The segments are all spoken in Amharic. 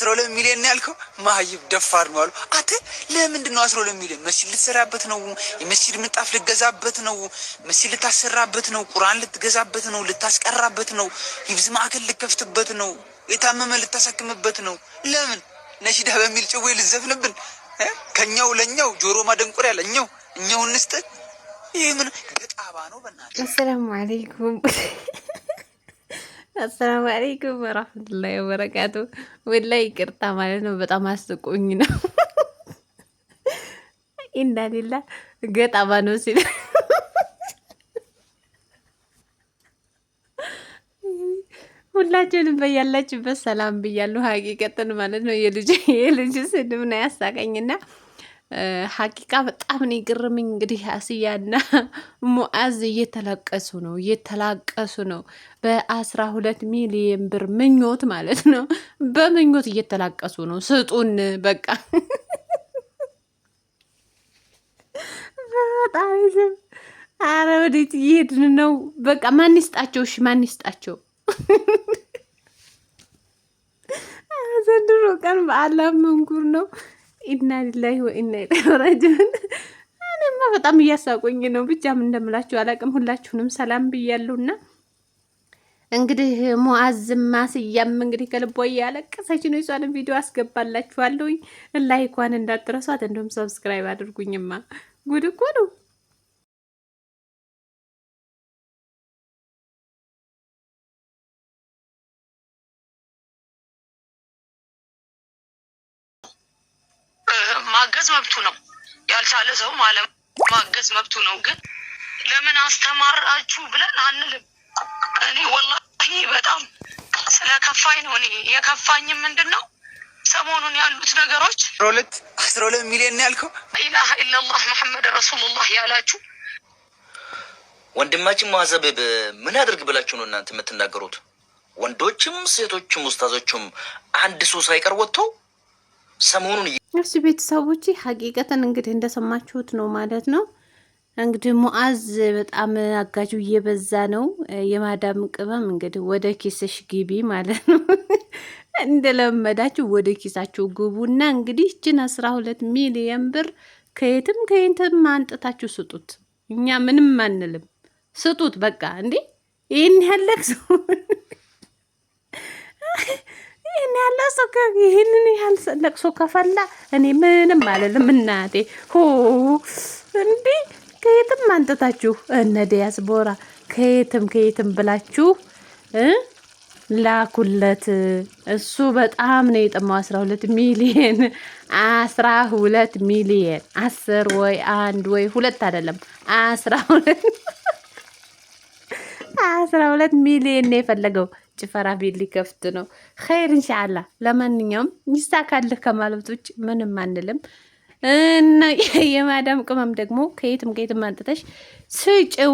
አስራ ሁለት ሚሊዮን ያልከው ማህይብ ደፋር ነው አሉ። አንተ ለምንድን ነው አስራ ሁለት ሚሊዮን? መስጂድ ልትሰራበት ነው? የመስጂድ ምንጣፍ ልገዛበት ነው? መስጂድ ልታሰራበት ነው? ቁርአን ልትገዛበት ነው? ልታስቀራበት ነው? ሂብዝ ማዕከል ልከፍትበት ነው? የታመመ ልታሳክምበት ነው? ለምን ነሽዳ በሚል ጭዌ ልዘፍንብን? ከኛው ለኛው ጆሮ ማደንቆሪያ ለኛው እኛው እንስጥ። ይህ ምን ገጣባ ነው? በእናትህ አሰላሙ አለይኩም አሰላሙ አለይኩም ወራህመቱላሂ ወበረካቱ። ወላሂ ይቅርታ ማለት ነው። በጣም አስቆኝ ነው። ኢናሊላ ገጣማ ነው ሲል ሁላችንም በያላችሁበት ሰላም ብያለሁ። ሀቂቀትን ማለት ነው የልጅ ስድብ ነው ያሳቀኝና ሀቂቃ በጣም ነው ግርምኝ። እንግዲህ አስያና ሙአዝ እየተላቀሱ ነው እየተላቀሱ ነው። በአስራ ሁለት ሚሊዮን ብር ምኞት ማለት ነው። በምኞት እየተላቀሱ ነው። ስጡን በቃ በጣም ይዘም አረ ወዴት እየሄድን ነው? በቃ ማን ይስጣቸው? እሺ ማን ይስጣቸው? ዘንድሮ ቀን በአላም መንጉር ነው። ኢና ሊላሂ ወኢና ኢለይሂ ራጂዑን። እኔማ በጣም እያሳቁኝ ነው። ብቻ ምን እንደምላችሁ አላቅም። ሁላችሁንም ሰላም ብያለሁና እንግዲህ ሙአዝም ማስያም እንግዲህ ከልቦ እያለቀሰች ነው። የሷንም ቪዲዮ አስገባላችኋለሁኝ። ላይኳን እንዳትረሷት፣ እንዲሁም ሰብስክራይብ አድርጉኝማ። ጉድ እኮ ነው። ማገዝ መብቱ ነው። ያልቻለ ሰው ማገዝ መብቱ ነው። ግን ለምን አስተማራችሁ ብለን አንልም። እኔ ወላሂ በጣም ስለከፋኝ ነው። እኔ የከፋኝም ምንድን ነው ሰሞኑን ያሉት ነገሮች ሮለት አስራ ሁለት ሚሊዮን ያልከው። ኢላሀ ኢላላህ መሐመድ ረሱሉላህ ያላችሁ ወንድማችን ማዘብብ ምን አድርግ ብላችሁ ነው እናንተ የምትናገሩት? ወንዶችም ሴቶችም ውስታዞችም አንድ ሰው ሳይቀር ወጥተው ሰሞኑን እርስ ቤተሰቦች ሀቂቀትን እንግዲህ እንደሰማችሁት ነው ማለት ነው። እንግዲህ ሙአዝ በጣም አጋጁ እየበዛ ነው። የማዳም ቅመም እንግዲህ ወደ ኪስሽ ግቢ ማለት ነው። እንደለመዳችሁ ወደ ኪሳችሁ ግቡና እንግዲህ እችን አስራ ሁለት ሚሊየን ብር ከየትም ከየትም አንጥታችሁ ስጡት። እኛ ምንም አንልም፣ ስጡት በቃ። እንዴ ይህን ያለቅ ሰው ይህን ያለ ሰው ይህንን ያህል ለቅሶ ከፈላ እኔ ምንም አልልም። እናቴ ሆ እንዲ ከየትም አንጥታችሁ እነ ዲያስፖራ ከየትም ከየትም ብላችሁ ላኩለት። እሱ በጣም ነው የጠማው። አስራ ሁለት ሚሊየን አስራ ሁለት ሚሊየን አስር ወይ አንድ ወይ ሁለት አይደለም አስራ ሁለት አስራ ሁለት ሚሊየን ነው የፈለገው። ጭፈራ ቤት ሊከፍት ነው። ኸይር እንሻአላ። ለማንኛውም ይሳካልህ ከማለት ውጭ ምንም አንልም የማዳም ቅመም ደግሞ ከየትም ከየትም አንጥተሽ ስጭው፣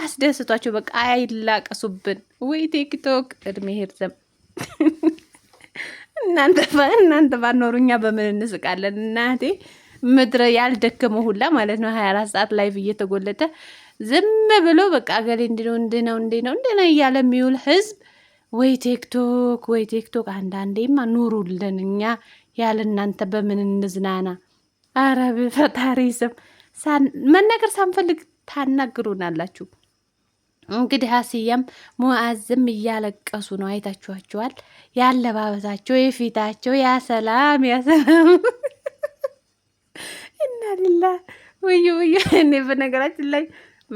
አስደስቷቸው። በቃ አይላቀሱብን ወይ ቲክቶክ እድሜ ሄርዘም እናንተ እናንተ ባኖሩ እኛ በምን እንስቃለን? እናቴ ምድረ ያልደከመ ሁላ ማለት ነው። ሀያ አራት ሰዓት ላይቭ እየተጎለጠ ዝም ብሎ በቃ ገሌ እንዲህ ነው እንዲህ ነው ነው ነው እያለ የሚውል ህዝብ ወይ ቴክቶክ ወይ ቴክቶክ። አንዳንዴማ ኑሩልን፣ እኛ ያለ እናንተ በምን እንዝናና? አረ በፈጣሪ ስም መነገር ሳንፈልግ ታናግሩናላችሁ። እንግዲህ አስያም ሙአዝም እያለቀሱ ነው። አይታችኋቸዋል። ያለባበሳቸው፣ የፊታቸው ያሰላም ያሰላም። እናሊላ ወዮ ወዮ። እኔ በነገራችን ላይ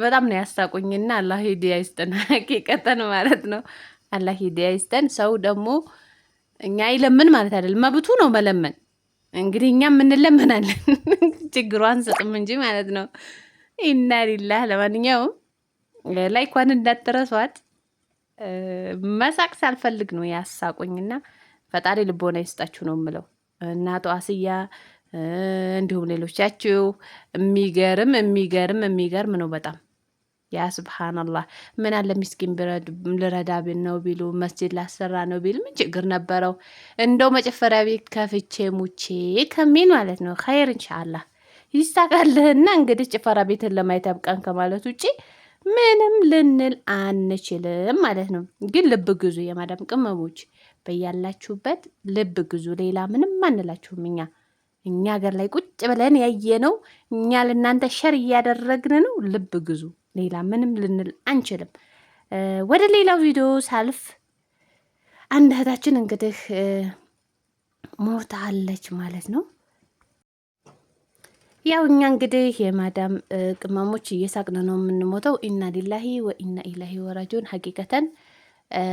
በጣም ነው ያሳቁኝና አላህ ሂዳያ ይስጠን። ሀቂቀተን ማለት ነው። አላህ ሂዳያ ይስጠን። ሰው ደግሞ እኛ ይለምን ማለት አይደለም፣ መብቱ ነው መለመን። እንግዲህ እኛ የምንለመናለን ችግሩ አንሰጥም እንጂ ማለት ነው። ኢና ሊላህ። ለማንኛውም ላይኳን እንዳትረሷት። መሳቅ ሳልፈልግ ነው ያሳቁኝና ፈጣሪ ልቦና ይስጣችሁ ነው የምለው። እና አስያ እንዲሁም ሌሎቻችሁ የሚገርም የሚገርም የሚገርም ነው በጣም ያ ስብሓናላህ ምን አለ ሚስኪን ልረዳ ነው ቢሉ መስጅድ ላሰራ ነው ቢሉ ምን ችግር ነበረው? እንደው መጨፈሪያ ቤት ከፍቼ ሙቼ ከሚል ማለት ነው። ኸይር እንሻላ ይሳካልህና እንግዲህ ጭፈራ ቤትን ለማየት ያብቃን ከማለት ውጪ ምንም ልንል አንችልም ማለት ነው። ግን ልብ ግዙ፣ የማዳም ቅመሞች በያላችሁበት ልብ ግዙ። ሌላ ምንም አንላችሁም እኛ እኛ ሀገር ላይ ቁጭ ብለን ያየነው እኛ ለእናንተ ሸር እያደረግን ነው። ልብ ግዙ። ሌላ ምንም ልንል አንችልም። ወደ ሌላው ቪዲዮ ሳልፍ አንድ እህታችን እንግዲህ ሞታለች ማለት ነው። ያው እኛ እንግዲህ የማዳም ቅመሞች እየሳቅን ነው የምንሞተው። ኢና ሊላሂ ወኢና ኢላሂ ወራጆን ሀቂቀተን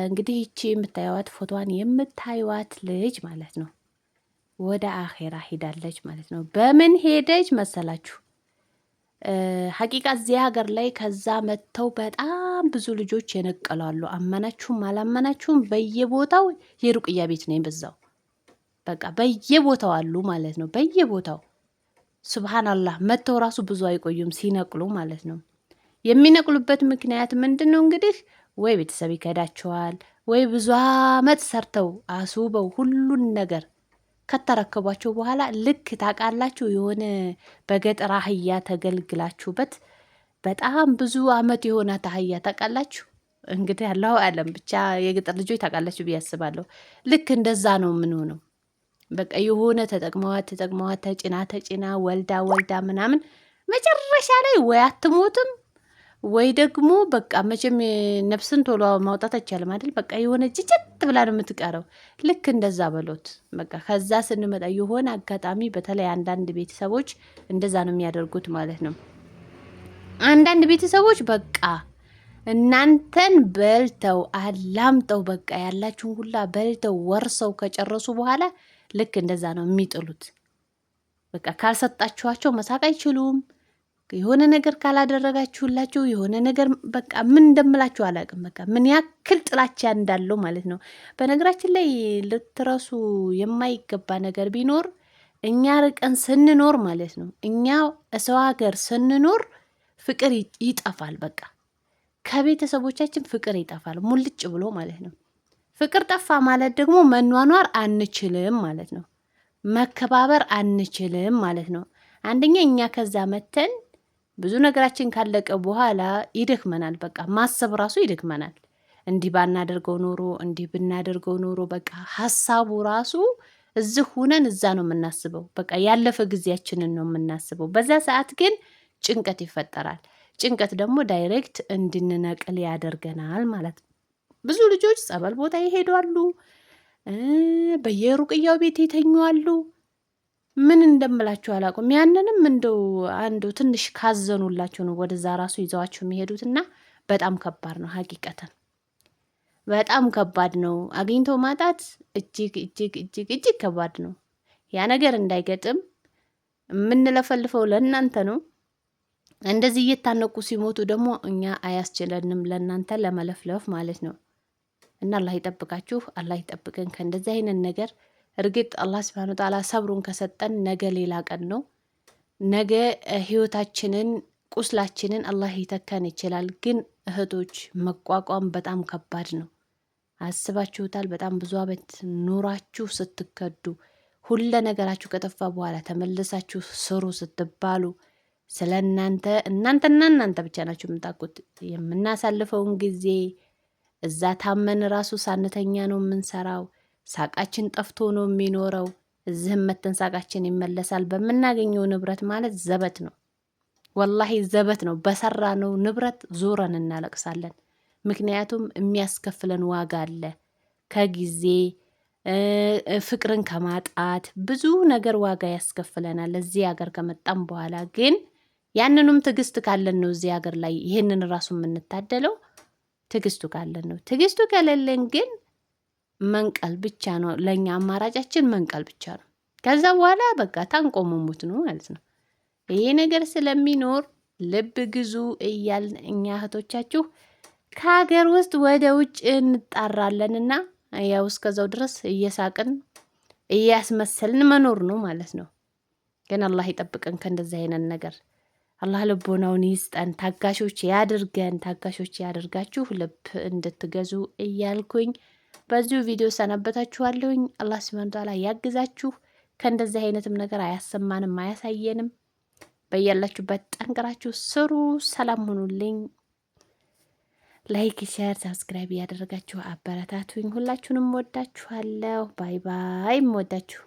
እንግዲህ ይቺ የምታዩዋት ፎቶዋን የምታዩዋት ልጅ ማለት ነው ወደ አኼራ ሄዳለች ማለት ነው። በምን ሄደች መሰላችሁ? ሀቂቃ እዚህ ሀገር ላይ ከዛ መጥተው በጣም ብዙ ልጆች የነቀላሉ። አመናችሁም አላመናችሁም በየቦታው የሩቅያ ቤት ነው የበዛው። በቃ በየቦታው አሉ ማለት ነው። በየቦታው ሱብሃናላህ መጥተው ራሱ ብዙ አይቆዩም ሲነቅሉ ማለት ነው። የሚነቅሉበት ምክንያት ምንድን ነው እንግዲህ ወይ ቤተሰብ ይከዳቸዋል፣ ወይ ብዙ አመት ሰርተው አስውበው ሁሉን ነገር ከተረከቧቸው በኋላ ልክ ታውቃላችሁ፣ የሆነ በገጠር አህያ ተገልግላችሁበት በጣም ብዙ አመት የሆነ አህያ ታውቃላችሁ። እንግዲህ አላሁ አለም ብቻ የገጠር ልጆች ታውቃላችሁ ብዬ አስባለሁ። ልክ እንደዛ ነው የምንሆነው። በቃ የሆነ ተጠቅመዋት ተጠቅመዋት ተጭና ተጭና ወልዳ ወልዳ ምናምን መጨረሻ ላይ ወይ አትሞትም ወይ ደግሞ በቃ መቼም ነፍስን ቶሎ ማውጣት አይቻልም አይደል? በቃ የሆነ ጭጭት ብላ ነው የምትቀረው። ልክ እንደዛ በሎት በቃ። ከዛ ስንመጣ የሆነ አጋጣሚ በተለይ አንዳንድ ቤተሰቦች እንደዛ ነው የሚያደርጉት ማለት ነው። አንዳንድ ቤተሰቦች በቃ እናንተን በልተው አላምጠው በቃ ያላችሁን ሁላ በልተው ወርሰው ከጨረሱ በኋላ ልክ እንደዛ ነው የሚጥሉት። በቃ ካልሰጣችኋቸው መሳቅ አይችሉም። የሆነ ነገር ካላደረጋችሁላችሁ የሆነ ነገር በቃ ምን እንደምላችሁ አላውቅም። በቃ ምን ያክል ጥላቻ እንዳለው ማለት ነው። በነገራችን ላይ ልትረሱ የማይገባ ነገር ቢኖር እኛ ርቀን ስንኖር ማለት ነው እኛ ሰው ሀገር ስንኖር ፍቅር ይጠፋል። በቃ ከቤተሰቦቻችን ፍቅር ይጠፋል ሙልጭ ብሎ ማለት ነው። ፍቅር ጠፋ ማለት ደግሞ መኗኗር አንችልም ማለት ነው። መከባበር አንችልም ማለት ነው። አንደኛ እኛ ከዛ መተን ብዙ ነገራችን ካለቀ በኋላ ይደክመናል። በቃ ማሰብ ራሱ ይደክመናል። እንዲህ ባናደርገው ኖሮ እንዲህ ብናደርገው ኖሮ በቃ ሀሳቡ ራሱ እዚህ ሁነን እዛ ነው የምናስበው። በቃ ያለፈ ጊዜያችንን ነው የምናስበው። በዛ ሰዓት ግን ጭንቀት ይፈጠራል። ጭንቀት ደግሞ ዳይሬክት እንድንነቅል ያደርገናል ማለት ነው። ብዙ ልጆች ጸበል ቦታ ይሄዳሉ፣ በየሩቅያው ቤት ይተኙዋሉ። አሉ። ምን እንደምላችሁ አላውቅም። ያንንም እንደው አንዱ ትንሽ ካዘኑላችሁ ነው ወደዛ ራሱ ይዘዋችሁ የሚሄዱትና በጣም ከባድ ነው። ሀቂቀትን በጣም ከባድ ነው። አግኝቶ ማጣት እጅግ እጅግ እጅግ እጅግ ከባድ ነው። ያ ነገር እንዳይገጥም የምንለፈልፈው ለእናንተ ነው። እንደዚህ እየታነቁ ሲሞቱ ደግሞ እኛ አያስችለንም ለእናንተ ለመለፍለፍ ማለት ነው። እና አላህ ይጠብቃችሁ፣ አላህ ይጠብቅን ከእንደዚህ አይነት ነገር እርግጥ አላህ ስብሐነ ወተዓላ ሰብሩን ከሰጠን ነገ ሌላ ቀን ነው። ነገ ህይወታችንን ቁስላችንን አላህ ይተካን ይችላል። ግን እህቶች መቋቋም በጣም ከባድ ነው። አስባችሁታል? በጣም ብዙ አመት ኑራችሁ ስትከዱ ሁለ ነገራችሁ ከጠፋ በኋላ ተመልሳችሁ ስሩ ስትባሉ ስለ እናንተ እናንተና እናንተ ብቻ ናችሁ የምታውቁት። የምናሳልፈውን ጊዜ እዛ ታመን ራሱ ሳንተኛ ነው የምንሰራው ሳቃችን ጠፍቶ ነው የሚኖረው። እዚህም መተን ሳቃችን ይመለሳል። በምናገኘው ንብረት ማለት ዘበት ነው፣ ወላሂ ዘበት ነው። በሰራነው ንብረት ዞረን እናለቅሳለን። ምክንያቱም የሚያስከፍለን ዋጋ አለ ከጊዜ ፍቅርን ከማጣት ብዙ ነገር ዋጋ ያስከፍለናል። እዚህ ሀገር ከመጣም በኋላ ግን ያንኑም ትዕግስት ካለን ነው እዚህ ሀገር ላይ ይህንን ራሱ የምንታደለው ትዕግስቱ ካለን ነው። ትዕግስቱ ከሌለን ግን መንቀል ብቻ ነው ለእኛ አማራጫችን መንቀል ብቻ ነው። ከዛ በኋላ በቃ ታንቆ መሞት ነው ማለት ነው። ይሄ ነገር ስለሚኖር ልብ ግዙ እያል እኛ እህቶቻችሁ ከሀገር ውስጥ ወደ ውጭ እንጣራለንና ያው እስከዛው ድረስ እየሳቅን እያስመሰልን መኖር ነው ማለት ነው። ግን አላህ ይጠብቀን ከእንደዚህ አይነት ነገር። አላህ ልቦናውን ይስጠን፣ ታጋሾች ያድርገን፣ ታጋሾች ያደርጋችሁ ልብ እንድትገዙ እያልኩኝ በዚሁ ቪዲዮ ሰነበታችኋለሁኝ አላህ ስብሐነ ወተዓላ ያግዛችሁ፣ ከእንደዚህ አይነትም ነገር አያሰማንም አያሳየንም። በያላችሁበት ጠንቅራችሁ ስሩ። ሰላም ሁኑልኝ። ላይክ፣ ሸር፣ ሳብስክራይብ እያደረጋችሁ አበረታቱኝ። ሁላችሁንም ወዳችኋለሁ። ባይ ባይ። ወዳችሁ